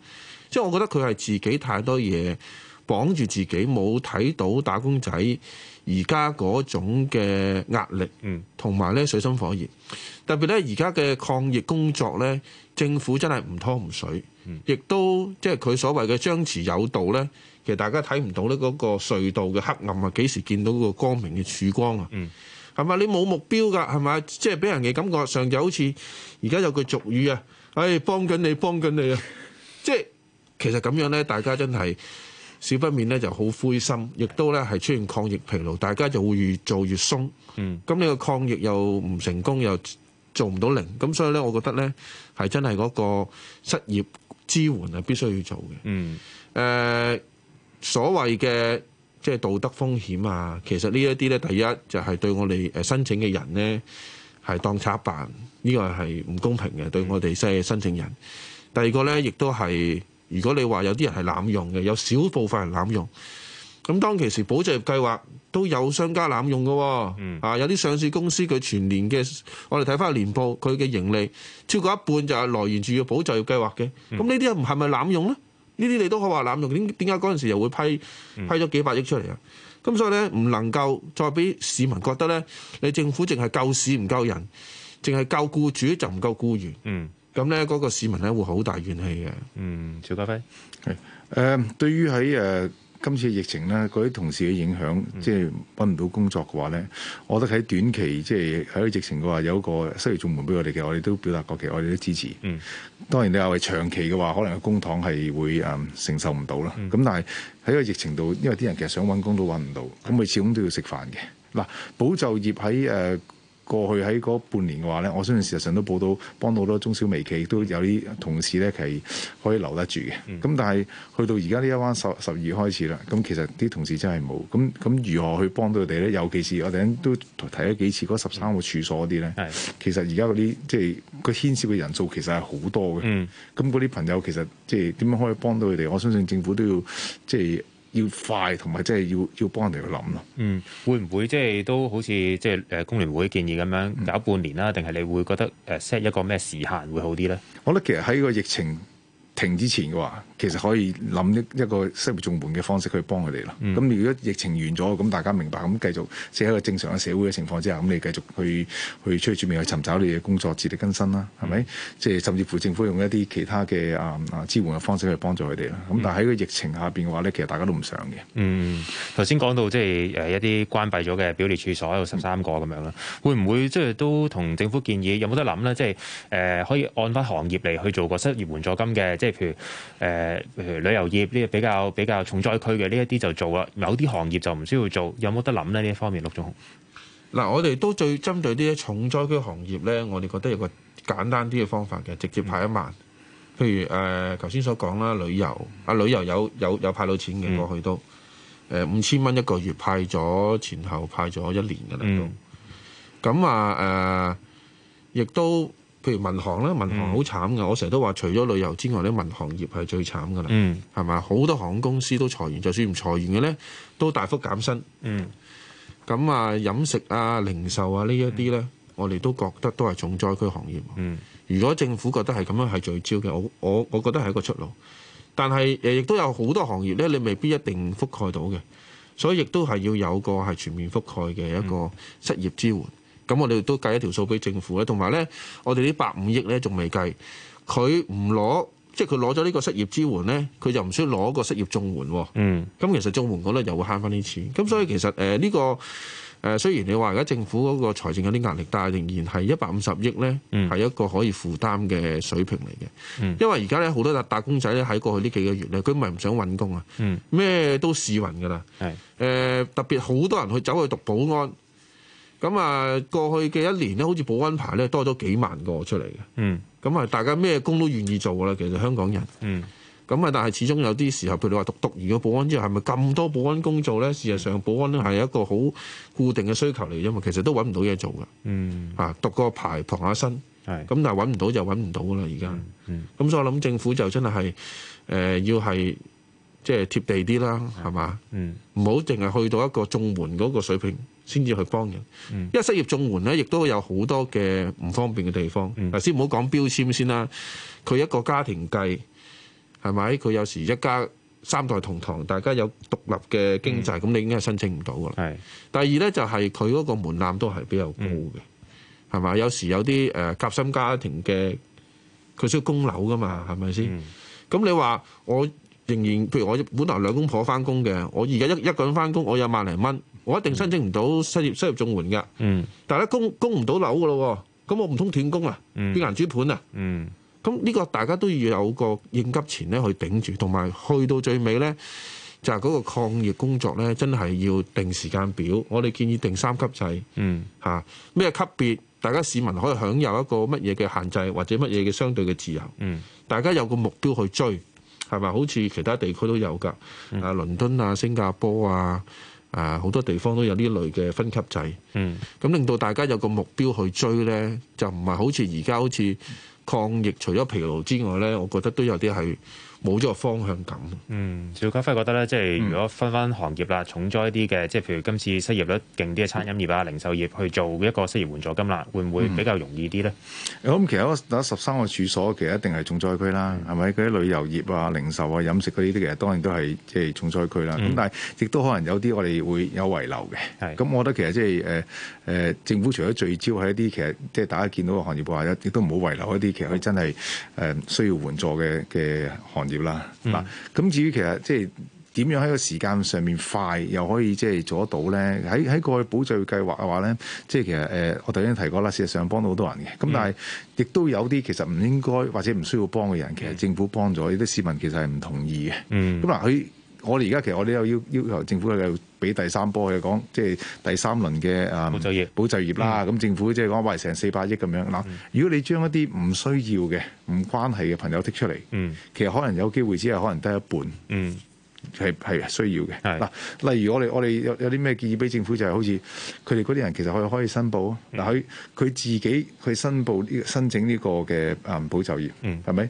即係我覺得佢係自己太多嘢。綁住自己冇睇到打工仔而家嗰種嘅壓力，嗯，同埋咧水深火熱，特別咧而家嘅抗疫工作咧，政府真係唔拖唔水，亦、嗯、都即係佢所謂嘅「張弛有道」咧，其實大家睇唔到咧嗰個隧道嘅黑暗啊，幾時見到個光明嘅曙光啊？嗯，係咪你冇目標㗎？係咪即係俾人嘅感覺上就好似而家有句俗語啊，誒、哎、幫緊你幫緊你啊！ 即係其實咁樣咧，大家真係。少不免咧就好灰心，亦都咧係出現抗疫疲勞，大家就會越做越鬆。咁、嗯、呢個抗疫又唔成功，又做唔到零，咁所以咧，我覺得咧係真係嗰個失業支援係必須要做嘅。誒、嗯呃、所謂嘅即係道德風險啊，其實這些呢一啲咧，第一就係、是、對我哋誒申請嘅人咧係當賊辦，呢、這個係唔公平嘅、嗯、對我哋即係申請人。第二個咧，亦都係。如果你話有啲人係濫用嘅，有少部分人濫用，咁當其時保就業計劃都有商家濫用㗎啊、哦嗯、有啲上市公司佢全年嘅，我哋睇翻個年報，佢嘅盈利超過一半就係來源住要保就業計劃嘅，咁呢啲唔係咪濫用呢？呢啲你都可話濫用，點點解嗰陣時又會批批咗幾百億出嚟啊？咁所以咧，唔能夠再俾市民覺得咧，你政府淨係救市唔救人，淨係救雇主就唔救僱員。嗯咁咧，嗰個市民咧會好大怨氣嘅。嗯，邵家輝，係誒，對於喺誒今次疫情咧，嗰啲同事嘅影響，即係揾唔到工作嘅話咧，我覺得喺短期，即係喺個疫情嘅話，有個失業重門俾我哋嘅，我哋都表達過嘅，我哋都支持。嗯，當然你話係長期嘅話，可能個工廠係會誒承受唔到啦。咁但係喺個疫情度，因為啲人其實想揾工都揾唔到，咁佢始終都要食飯嘅。嗱，保就業喺誒。過去喺嗰半年嘅話咧，我相信事實上都報到幫到好多中小微企，都有啲同事咧係可以留得住嘅。咁、mm. 但係去到而家呢一彎十十二開始啦，咁其實啲同事真係冇。咁咁如何去幫到佢哋咧？尤其是我哋都提咗幾次嗰十三個處所啲咧，mm. 其實而家嗰啲即係個牽涉嘅人數其實係好多嘅。咁嗰啲朋友其實即係點樣可以幫到佢哋？我相信政府都要即係。要快同埋，即係要要幫人哋去諗咯。嗯，會唔會即係都好似即係誒工聯會建議咁樣、嗯、搞半年啦？定係你會覺得誒 set 一個咩時限會好啲咧？我覺得其實喺個疫情停之前嘅話。其實可以諗一一個失業綜援嘅方式去幫佢哋啦。咁、嗯、如果疫情完咗，咁大家明白，咁繼續喺一個正常嘅社會嘅情況之下，咁你繼續去去出去出面去尋找你嘅工作，自力更生啦，係咪？即、嗯、係甚至乎政府用一啲其他嘅啊啊支援嘅方式去幫助佢哋啦。咁、嗯、但喺個疫情下邊嘅話咧，其實大家都唔想嘅。嗯，頭先講到即係誒一啲關閉咗嘅表列處所有十三個咁樣啦、嗯，會唔會即係都同政府建議有冇得諗咧？即係誒、呃、可以按翻行業嚟去做個失業援助金嘅，即係譬如誒。呃誒、呃，譬如旅遊業呢，比較比較重災區嘅呢一啲就做啦。某啲行業就唔需要做，有冇得諗呢？呢一方面，陸頌雄。嗱，我哋都最針對呢啲重災區行業呢，我哋覺得有個簡單啲嘅方法嘅，直接派一萬。譬、嗯、如誒，頭、呃、先所講啦，旅遊啊，旅遊有有有派到錢嘅、嗯、過去都，誒、呃、五千蚊一個月派咗前後派咗一年嘅啦咁咁啊誒，亦、嗯呃、都。譬如民航咧，民航好慘噶、嗯，我成日都話，除咗旅遊之外，咧民航業係最慘噶啦，係、嗯、咪？好多航空公司都裁員，就算唔裁員嘅咧，都大幅減薪。咁、嗯、啊，飲食啊、零售啊呢一啲咧，我哋都覺得都係重災區行業、嗯。如果政府覺得係咁樣係聚焦嘅，我我我覺得係一個出路。但係誒，亦都有好多行業咧，你未必一定覆蓋到嘅，所以亦都係要有個係全面覆蓋嘅一個失業支援。咁我哋都計一條數俾政府咧，同埋咧，我哋呢百五億咧仲未計，佢唔攞，即係佢攞咗呢個失業支援咧，佢就唔需要攞個失業綜援。嗯，咁其實綜援嗰度又會慳翻啲錢。咁所以其實呢個誒雖然你話而家政府嗰個財政有啲壓力，但係仍然係一百五十億咧係一個可以負擔嘅水平嚟嘅。嗯，因為而家咧好多打打工仔咧喺過去呢幾個月咧，佢咪唔想搵工啊？嗯，咩都試勻噶啦。係誒，特別好多人去走去讀保安。咁啊，過去嘅一年咧，好似保安牌咧多咗幾萬個出嚟嘅。嗯，咁啊，大家咩工都願意做啦。其實香港人嗯，咁啊，但係始終有啲時候，譬如你話讀讀完個保安之後，係咪咁多保安工做咧，嗯？事實上，保安咧係一個好固定嘅需求嚟，因為其實都揾唔到嘢做嘅。嗯，啊，讀個牌旁下身咁，但係揾唔到就揾唔到噶啦。而家咁所以我諗政府就真係係、呃、要係。即係貼地啲啦，係嘛？唔好淨係去到一個綜援嗰個水平先至去幫人。因為失業綜援咧，亦都有好多嘅唔方便嘅地方。嗱，先唔好講標籤先啦。佢一個家庭計係咪？佢有時一家三代同堂，大家有獨立嘅經濟，咁你應該申請唔到㗎啦。係。第二咧，就係佢嗰個門檻都係比較高嘅，係嘛？有時有啲誒夾心家庭嘅，佢需要供樓㗎嘛，係咪先？咁你話我？仍然，譬如我本來兩公婆翻工嘅，我而家一一個人翻工，我有萬零蚊，我一定申請唔到失業失業綜援嘅。嗯。但係咧供供唔到樓嘅咯，咁我唔通斷供啊？嗯。變銀主盤啊？嗯。咁呢個大家都要有個應急錢咧去頂住，同埋去到最尾呢，就係、是、嗰個抗疫工作呢，真係要定時間表。我哋建議定三級制。嗯。嚇、啊、咩級別？大家市民可以享有一個乜嘢嘅限制，或者乜嘢嘅相對嘅自由？嗯。大家有個目標去追。係咪？好似其他地區都有㗎，啊，倫敦啊、新加坡啊，啊，好多地方都有呢類嘅分級制。咁、嗯、令到大家有個目標去追呢，就唔係好似而家好似抗疫，除咗疲勞之外呢，我覺得都有啲係。冇咗個方向感。嗯，邵家輝覺得咧，即係如果分翻行業啦、嗯，重災啲嘅，即係譬如今次失業率勁啲嘅餐飲業啊、零售業去做一個失業援助金啦，會唔會比較容易啲咧？咁、嗯嗯嗯、其實嗰十三個處所其實一定係重災區啦，係、嗯、咪？嗰啲旅遊業啊、零售啊、飲食嗰、啊、啲其實當然都係即係重災區啦。咁、嗯、但係亦都可能有啲我哋會有遺留嘅。係咁，咁我覺得其實即係誒誒，政府除咗聚焦喺一啲其實即係大家見到嘅行業嘅話，一亦都唔好遺留一啲其實佢真係誒需要援助嘅嘅行。業、嗯、啦，嗱，咁至於其實即係點樣喺個時間上面快又可以即係做得到咧？喺喺過去保障計劃嘅話咧，即係其實誒，我頭先提過啦，事實上幫到好多人嘅。咁但係亦都有啲其實唔應該或者唔需要幫嘅人，其實政府幫咗有啲市民，其實係唔同意嘅。嗯，咁嗱佢。我哋而家其實我哋又要要求政府去俾第三波去講，即係第三輪嘅啊保就業、保就業啦。咁、嗯、政府即係講話成四百億咁樣。嗱、嗯，如果你將一啲唔需要嘅、唔關係嘅朋友剔出嚟、嗯，其實可能有機會只係可能得一半。嗯，係係需要嘅。嗱，例如我哋我哋有有啲咩建議俾政府就係、是、好似佢哋嗰啲人其實可以可以申報啊。嗱、嗯，佢佢自己去申報呢、這個、申請呢個嘅啊保就業。嗯，係咪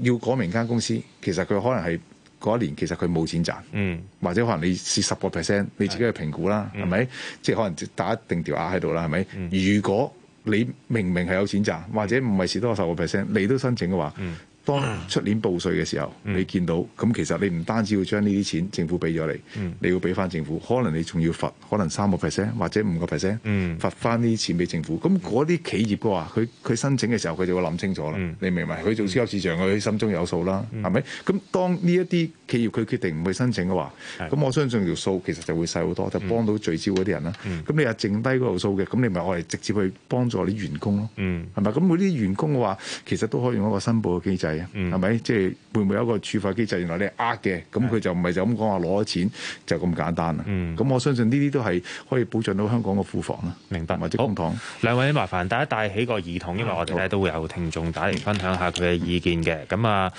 要講明間公司其實佢可能係？嗰一年其實佢冇錢賺，嗯，或者可能你蝕十個 percent，你自己去評估啦，係咪、嗯？即係可能打一定條額喺度啦，係咪、嗯？如果你明明係有錢賺，嗯、或者唔係蝕多十個 percent，你都申請嘅話。嗯當出年報稅嘅時候、嗯，你見到咁，其實你唔單止要將呢啲錢政府俾咗你、嗯，你要俾翻政府，可能你仲要罰，可能三個 percent 或者五個 percent，罰翻呢啲錢俾政府。咁嗰啲企業嘅話，佢佢申請嘅時候，佢就會諗清楚啦、嗯。你明唔明？佢做私有市場，佢、嗯、心中有數啦，係、嗯、咪？咁當呢一啲企業佢決定唔去申請嘅話，咁、嗯、我相信條數其實就會細好多，就幫到聚焦嗰啲人啦。咁、嗯、你又剩低嗰條數嘅，咁你咪我哋直接去幫助啲員工咯，係、嗯、咪？咁嗰啲員工嘅話，其實都可以用一個申報嘅機制。係咪、嗯、即係會唔會有一個處罰機制？原來你呃嘅，咁佢就唔係就咁講話攞錢就咁簡單啦。咁、嗯、我相信呢啲都係可以保障到香港嘅庫房啦。明白。或者公帑好，兩位麻煩大家帶起個耳筒，因為我哋咧都會有聽眾打嚟分享下佢嘅意見嘅。咁啊，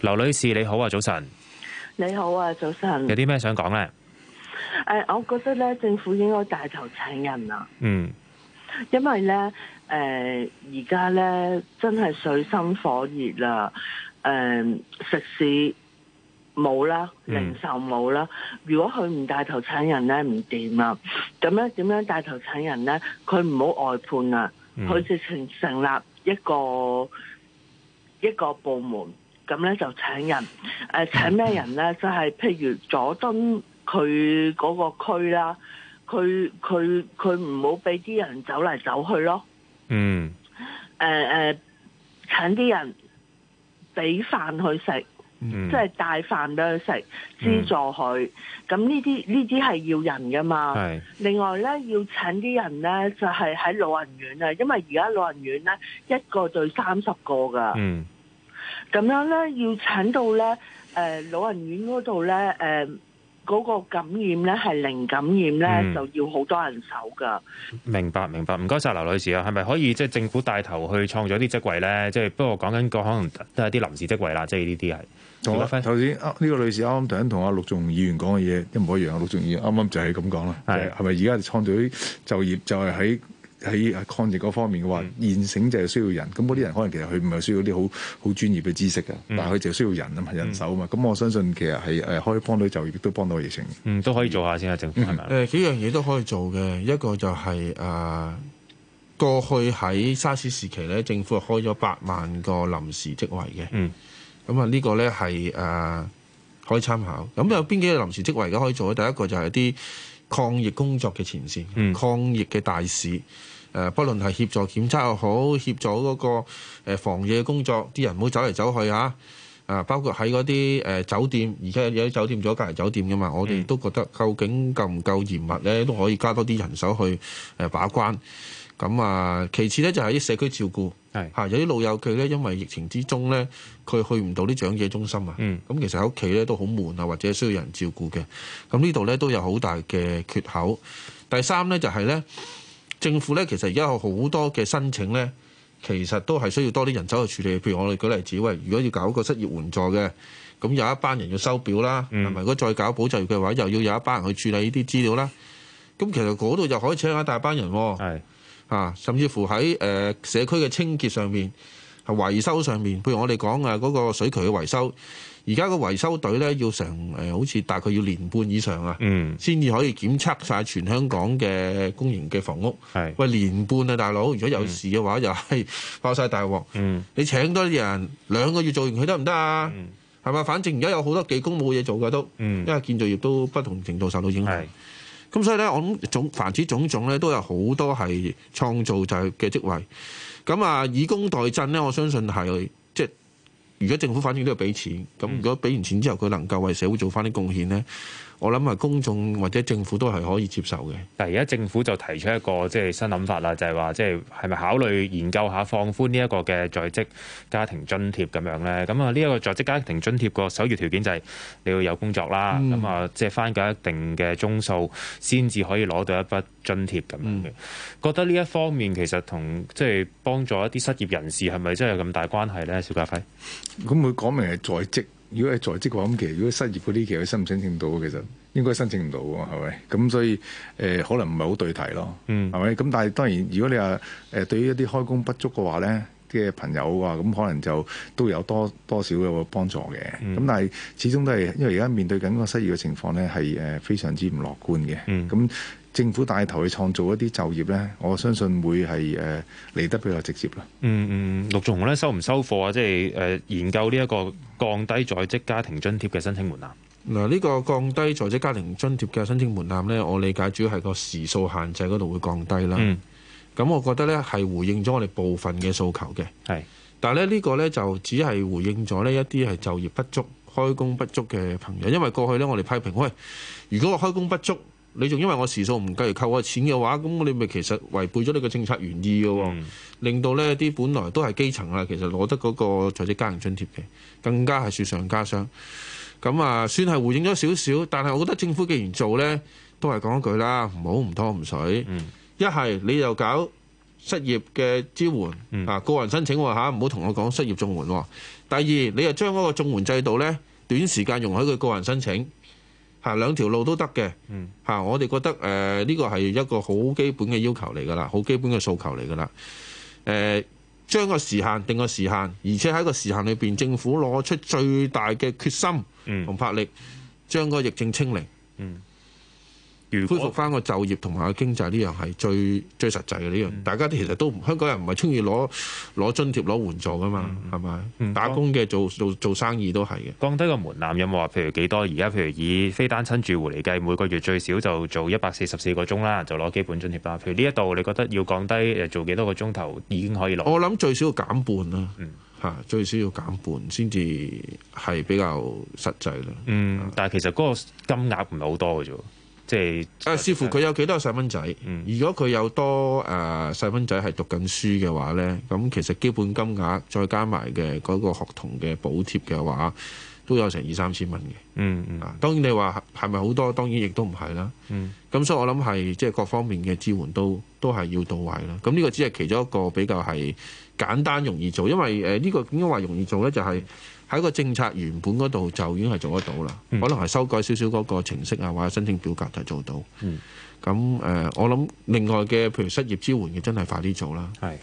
劉、嗯、女士你好啊，早晨。你好啊，早晨。有啲咩想講咧？誒、uh,，我覺得咧，政府應該帶頭請人啊。嗯。因為咧。誒而家咧真係水深火熱啦！誒、呃、食肆冇啦，零售冇啦。如果佢唔帶頭請人咧，唔掂啊！咁咧點樣帶頭請人咧？佢唔好外判啊！佢直情成立一個一個部門，咁咧就請人。誒、呃、請咩人咧？就係、是、譬如佐敦佢嗰個區啦，佢佢佢唔好俾啲人走嚟走去咯。嗯，誒、呃、誒、呃，請啲人俾飯去食，嗯，即係帶飯俾佢食，資助佢。咁呢啲呢啲係要人噶嘛？另外咧，要請啲人咧，就係、是、喺老人院啊，因為而家老人院咧一個對三十個噶。咁、嗯、樣咧，要請到咧，誒、呃，老人院嗰度咧，誒、呃。嗰、那個感染咧係零感染咧、嗯，就要好多人手噶。明白明白，唔該晒。劉女士啊，係咪可以即係、就是、政府帶頭去創造啲職位咧？即、就、係、是、不過講緊個可能都係啲臨時職位啦，即係呢啲係。同頭先呢個女士啱啱突先同阿陸仲議員講嘅嘢一模一樣，陸仲議員啱啱就係咁講啦。係係咪而家創造啲就業就係喺？喺抗疫嗰方面嘅話，現成就係需要人。咁嗰啲人可能其實佢唔係需要啲好好專業嘅知識嘅、嗯，但係佢就需要人啊嘛，係人手啊嘛。咁、嗯、我相信其實係誒可以幫到就業，亦都幫到疫情。嗯，都可以做下先啊，政府係咪？誒、嗯嗯、幾樣嘢都可以做嘅。一個就係、係、誒、呃、過去喺沙士時期咧，政府係開咗八萬個臨時職位嘅。嗯。咁啊，呢個咧係誒可以參考。咁有邊幾個臨時職位而家可以做咧？第一個就係啲抗疫工作嘅前線，嗯、抗疫嘅大使。誒，不論係協助檢測又好，協助嗰個防疫嘅工作，啲人唔好走嚟走去啊！包括喺嗰啲酒店，而家有啲酒店做隔離酒店㗎嘛、嗯，我哋都覺得究竟夠唔夠嚴密咧？都可以加多啲人手去把關。咁啊，其次咧就係、是、啲社區照顧，有啲老友記咧，因為疫情之中咧，佢去唔到啲長者中心啊，咁、嗯、其實喺屋企咧都好悶啊，或者需要人照顧嘅，咁呢度咧都有好大嘅缺口。第三咧就係、是、咧。政府咧，其實而家有好多嘅申請咧，其實都係需要多啲人手去處理。譬如我哋舉例子，喂，如果要搞個失業援助嘅，咁有一班人要收表啦，同、嗯、埋如果再搞保就業嘅話，又要有一班人去處理呢啲資料啦。咁其實嗰度又可以請下大班人，喎，啊，甚至乎喺社區嘅清潔上面，係維修上面，譬如我哋講啊，嗰個水渠嘅維修。而家個維修隊咧要成、呃、好似大概要年半以上啊，先、嗯、至可以檢測晒全香港嘅公營嘅房屋。喂，年半啊，大佬！如果有事嘅話，嗯、又係爆晒大鑊。嗯，你請多啲人兩個月做完佢得唔得啊？係、嗯、嘛，反正而家有好多技工冇嘢做㗎都、嗯，因為建造業都不同程度受到影響。咁所以咧，我諗總凡此種種咧，都有好多係創造就係嘅職位。咁啊，以工代賑咧，我相信係。如果政府反正都要俾錢，咁如果俾完錢之後，佢能夠為社會做翻啲貢獻呢？我諗啊，公眾或者政府都係可以接受嘅。但係，而家政府就提出一個即係新諗法啦，就係、是、話即係係咪考慮研究一下放寬呢一個嘅在職家庭津貼咁樣咧？咁啊，呢一個在職家庭津貼個首要條件就係你要有工作啦。咁、嗯、啊，即係返夠一定嘅鐘數先至可以攞到一筆津貼咁樣嘅、嗯。覺得呢一方面其實同即係幫助一啲失業人士係咪真係有咁大關係咧？邵家輝，咁會講明係在職。如果係在職嘅話，咁其實如果失業嗰啲，其實佢申唔申請到，其實應該申請唔到喎，係咪？咁所以誒、呃，可能唔係好對題咯，係咪？咁、嗯、但係當然，如果你話誒、呃、對於一啲開工不足嘅話咧，啲、即係、朋友啊，咁可能就都有多多少嘅幫助嘅。咁、嗯、但係始終都係因為而家面對緊個失業嘅情況咧，係誒非常之唔樂觀嘅。咁、嗯嗯政府帶頭去創造一啲就業呢，我相信會係誒嚟得比較直接咯。嗯嗯，陸頌雄呢收唔收貨啊？即係、呃、研究呢一個降低在職家庭津貼嘅申請門檻。嗱，呢個降低在職家庭津貼嘅申請門檻呢，我理解主要係個時數限制嗰度會降低啦。咁、嗯、我覺得呢係回應咗我哋部分嘅訴求嘅。係，但係呢呢個呢，就只係回應咗呢一啲係就業不足、開工不足嘅朋友，因為過去呢，我哋批評喂，如果我開工不足。你仲因為我時數唔計扣我錢嘅話，咁你咪其實違背咗你個政策原意嘅喎、哦，令到呢啲本來都係基層啊，其實攞得嗰個在職家庭津貼嘅，更加係雪上加霜。咁啊，算係回應咗少少，但係我覺得政府既然做呢，都係講一句啦，唔好唔拖唔水。一、嗯、係你又搞失業嘅支援啊、嗯，個人申請吓，唔好同我講失業綜援。第二，你又將嗰個綜援制度呢，短時間容許佢個人申請。吓，兩條路都得嘅，吓、嗯、我哋覺得誒呢個係一個好基本嘅要求嚟噶啦，好基本嘅訴求嚟噶啦。誒、呃，將個時限定個時限，而且喺個時限裏邊，政府攞出最大嘅決心同魄力，將、嗯、個疫症清零。嗯嗯如恢復翻個就業同埋個經濟呢樣係最最實際嘅呢樣，大家其實都唔香港人唔係中意攞攞津貼攞援助噶嘛，係、嗯、咪、嗯？打工嘅做做做生意都係嘅。降低個門檻有冇話？譬如幾多？而家譬如以非單親住戶嚟計，每個月最少就做一百四十四個鐘啦，就攞基本津貼啦。譬如呢一度，你覺得要降低誒做幾多個鐘頭已經可以攞？我諗最少要減半啦、嗯啊，最少要減半先至係比較實際啦。嗯，但其實嗰個金額唔係好多嘅啫。即係乎佢有幾多細蚊仔。如果佢有多誒細蚊仔係讀緊書嘅話呢，咁其實基本金額再加埋嘅嗰個學童嘅補貼嘅話，都有成二三千蚊嘅。嗯嗯。當然你話係咪好多？當然亦都唔係啦。咁、嗯、所以我諗係即係各方面嘅支援都都係要到位啦。咁呢個只係其中一個比較係簡單容易做，因為呢個應解話容易做呢就係、是。喺個政策原本嗰度就已經係做得到啦，可能係修改少少嗰個程式啊，或者申請表格就做到。咁誒、呃，我諗另外嘅譬如失業支援嘅真係快啲做啦。係。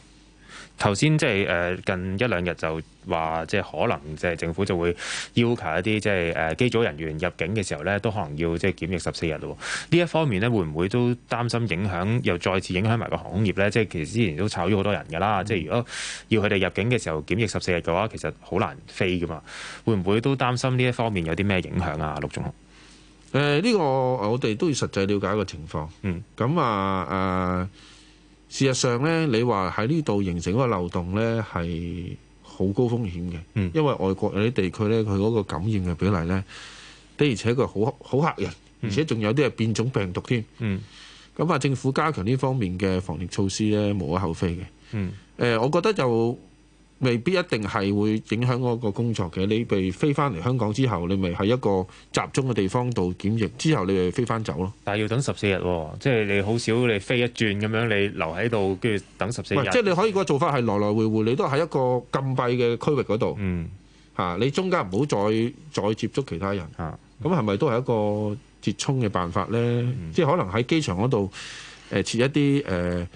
頭先即係誒近一兩日就話即係可能即係政府就會要求一啲即係誒機組人員入境嘅時候咧，都可能要即係檢疫十四日咯。呢一方面咧，會唔會都擔心影響又再次影響埋個航空業咧？即係其實之前都炒咗好多人㗎啦。即係如果要佢哋入境嘅時候檢疫十四日嘅話，其實好難飛㗎嘛。會唔會都擔心呢一方面有啲咩影響啊？陸頌雄，誒、這、呢個我哋都要實際了解一個情況。嗯，咁啊誒。啊事實上咧，你話喺呢度形成嗰個漏洞咧，係好高風險嘅、嗯，因為外國有啲地區咧，佢嗰個感染嘅比例咧，的而且確好好嚇人，嗯、而且仲有啲係變種病毒添。咁、嗯、啊，政府加強呢方面嘅防疫措施咧，無可厚非嘅。誒、嗯呃，我覺得就。未必一定係會影響我個工作嘅。你被飛翻嚟香港之後，你咪喺一個集中嘅地方度檢疫，之後你就飛翻走咯。但係要等十四日，即係你好少你飛一轉咁樣，你留喺度跟住等十四日。即係你可以個做法係來來回回，你都喺一個禁閉嘅區域嗰度。嗯，嚇你中間唔好再再接觸其他人。嚇、嗯，咁係咪都係一個折衷嘅辦法呢？嗯、即係可能喺機場嗰度誒設一啲誒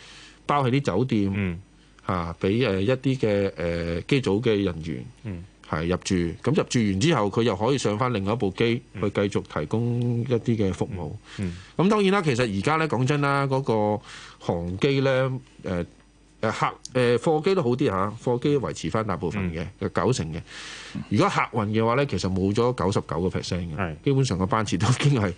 包起啲酒店。嗯嚇，俾一啲嘅誒機組嘅人員係入住，咁入住完之後，佢又可以上翻另外一部機去繼續提供一啲嘅服務。咁當然啦，其實而家咧講真啦，嗰個航機咧誒誒客、呃、貨機都好啲嚇，貨機維持翻大部分嘅、嗯、有九成嘅。如果客運嘅話咧，其實冇咗九十九個 percent 嘅，基本上個班次都已經係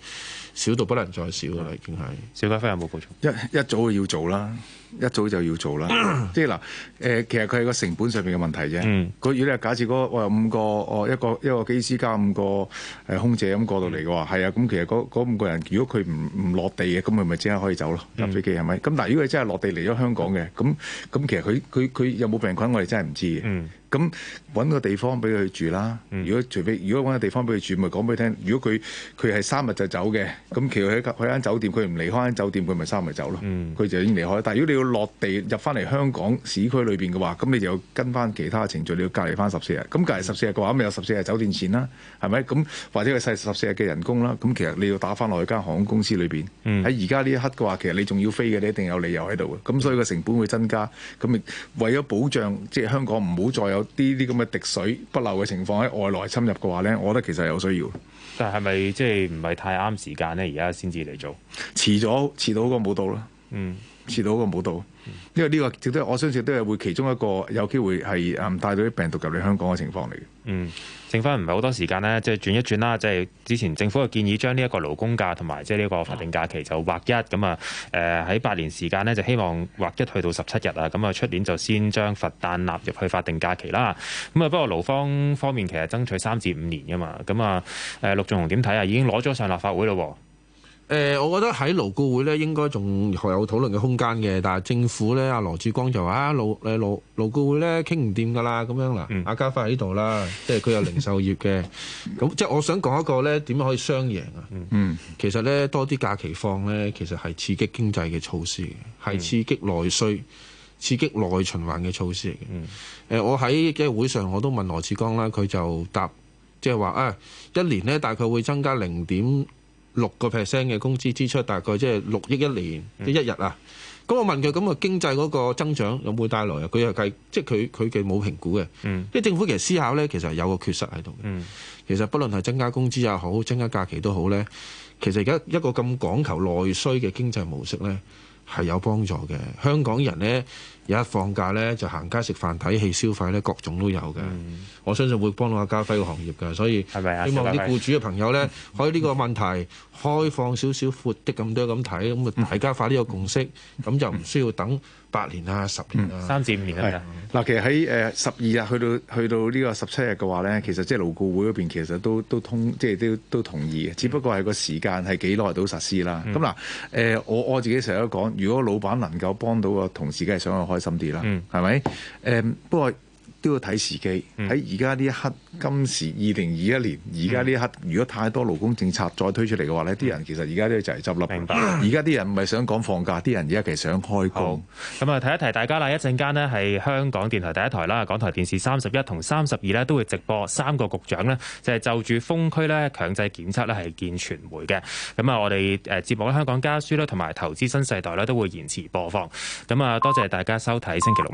少到不能再少啦，已經係。邵家輝有冇補充一？一一早要做啦。一早就要做啦，即係嗱，誒其實佢係個成本上面嘅問題啫。嗯，佢如果係假設嗰個，我有五個，我一個一個機師加五個係空姐咁過到嚟嘅話，係啊，咁其實嗰嗰五個人如果佢唔唔落地嘅，咁佢咪即刻可以走咯，搭飛機係咪？咁但係，如果佢真係落地嚟咗香港嘅，咁咁其實佢佢佢有冇病菌，我哋真係唔知嘅。嗯，咁揾個地方俾佢住啦。如果除非如果揾個地方俾佢住，咪講俾佢聽。如果佢佢係三日就走嘅，咁其實喺喺間酒店，佢唔離開間酒店，佢咪三日走咯。嗯，佢就已經離開。但係如果你要，落地入翻嚟香港市區裏邊嘅話，咁你就要跟翻其他程序，你要隔離翻十四日。咁隔離十四日嘅話，咪有十四日酒店錢啦，係咪？咁或者佢曬十四日嘅人工啦。咁其實你要打翻落去間航空公司裏邊。喺而家呢一刻嘅話，其實你仲要飛嘅，你一定有理由喺度嘅。咁所以個成本會增加。咁為咗保障，即係香港唔好再有啲啲咁嘅滴水不漏嘅情況喺外來侵入嘅話呢，我覺得其實有需要。但係咪即係唔係太啱時間呢？而家先至嚟做，遲咗遲到好過冇到啦。嗯。涉到個舞蹈，因為呢個亦都，我相信都係會其中一個有機會係誒帶到啲病毒入嚟香港嘅情況嚟嘅。嗯，剩翻唔係好多時間呢，即係轉一轉啦。即係之前政府嘅建議，將呢一個勞工假同埋即係呢個法定假期就劃一咁啊。誒喺八年時間呢，就希望劃一去到十七日啊。咁啊，出年就先將佛誕納入去法定假期啦。咁啊，不過勞方方面其實爭取三至五年噶嘛。咁啊，誒陸頌雄點睇啊？已經攞咗上立法會嘞喎。誒、呃，我覺得喺勞顧會咧，應該仲有討論嘅空間嘅。但係政府咧，阿羅志光就話啊，勞誒勞勞顧會咧傾唔掂噶啦。咁樣嗱、嗯，阿家輝喺度啦，即係佢有零售業嘅。咁即係我想講一個咧，點樣可以雙贏啊？嗯，其實咧多啲假期放咧，其實係刺激經濟嘅措施，係刺激內需、嗯、刺激內循環嘅措施嚟嘅。誒、嗯呃，我喺今日會上我都問羅志光啦，佢就答，即係話啊，一年咧大概會增加零點六個 percent 嘅工資支出，大概即係六億一年，即一日啊！咁我問佢咁啊，經濟嗰個增長有冇帶來啊？佢又計，即係佢佢佢冇評估嘅。嗯，即係政府其實思考咧，其實係有個缺失喺度。嗯，其實不論係增加工資又好，增加假期都好咧，其實而家一個咁講求內需嘅經濟模式咧，係有幫助嘅。香港人咧。有一放假咧，就行街食飯睇戲消費咧，各種都有嘅、嗯。我相信會幫到阿家輝個行業嘅，所以希望啲僱主嘅朋友咧，可以呢個問題開放少少、闊啲咁多咁睇，咁啊大家快啲有共識，咁、嗯、就唔需要等八年啦，十年啦、嗯，三至五年啦。係嗱、嗯，其實喺誒十二日去到去到呢個十七日嘅話咧，其實即係勞顧會嗰邊其實都都通，即係都都同意嘅。只不過係個時間係幾耐到實施啦。咁、嗯、嗱，誒、呃、我我自己成日都講，如果老闆能夠幫到個同事，梗係想佢開心啲啦，係、嗯、咪？誒、呃、不過。都要睇時機，喺而家呢一刻，今時二零二一年，而家呢一刻，如果太多勞工政策再推出嚟嘅話呢，啲人其實而家咧就係執笠。明白，而家啲人唔係想講放假，啲人而家其實想開工。咁啊，提一提大家啦，一陣間呢係香港電台第一台啦，港台電視三十一同三十二呢都會直播三個局長呢，就係、是、就住封區呢強制檢測呢係見傳媒嘅。咁啊，我哋誒節目咧，香港家書啦，同埋投資新世代咧都會延遲播放。咁啊，多謝大家收睇星期六。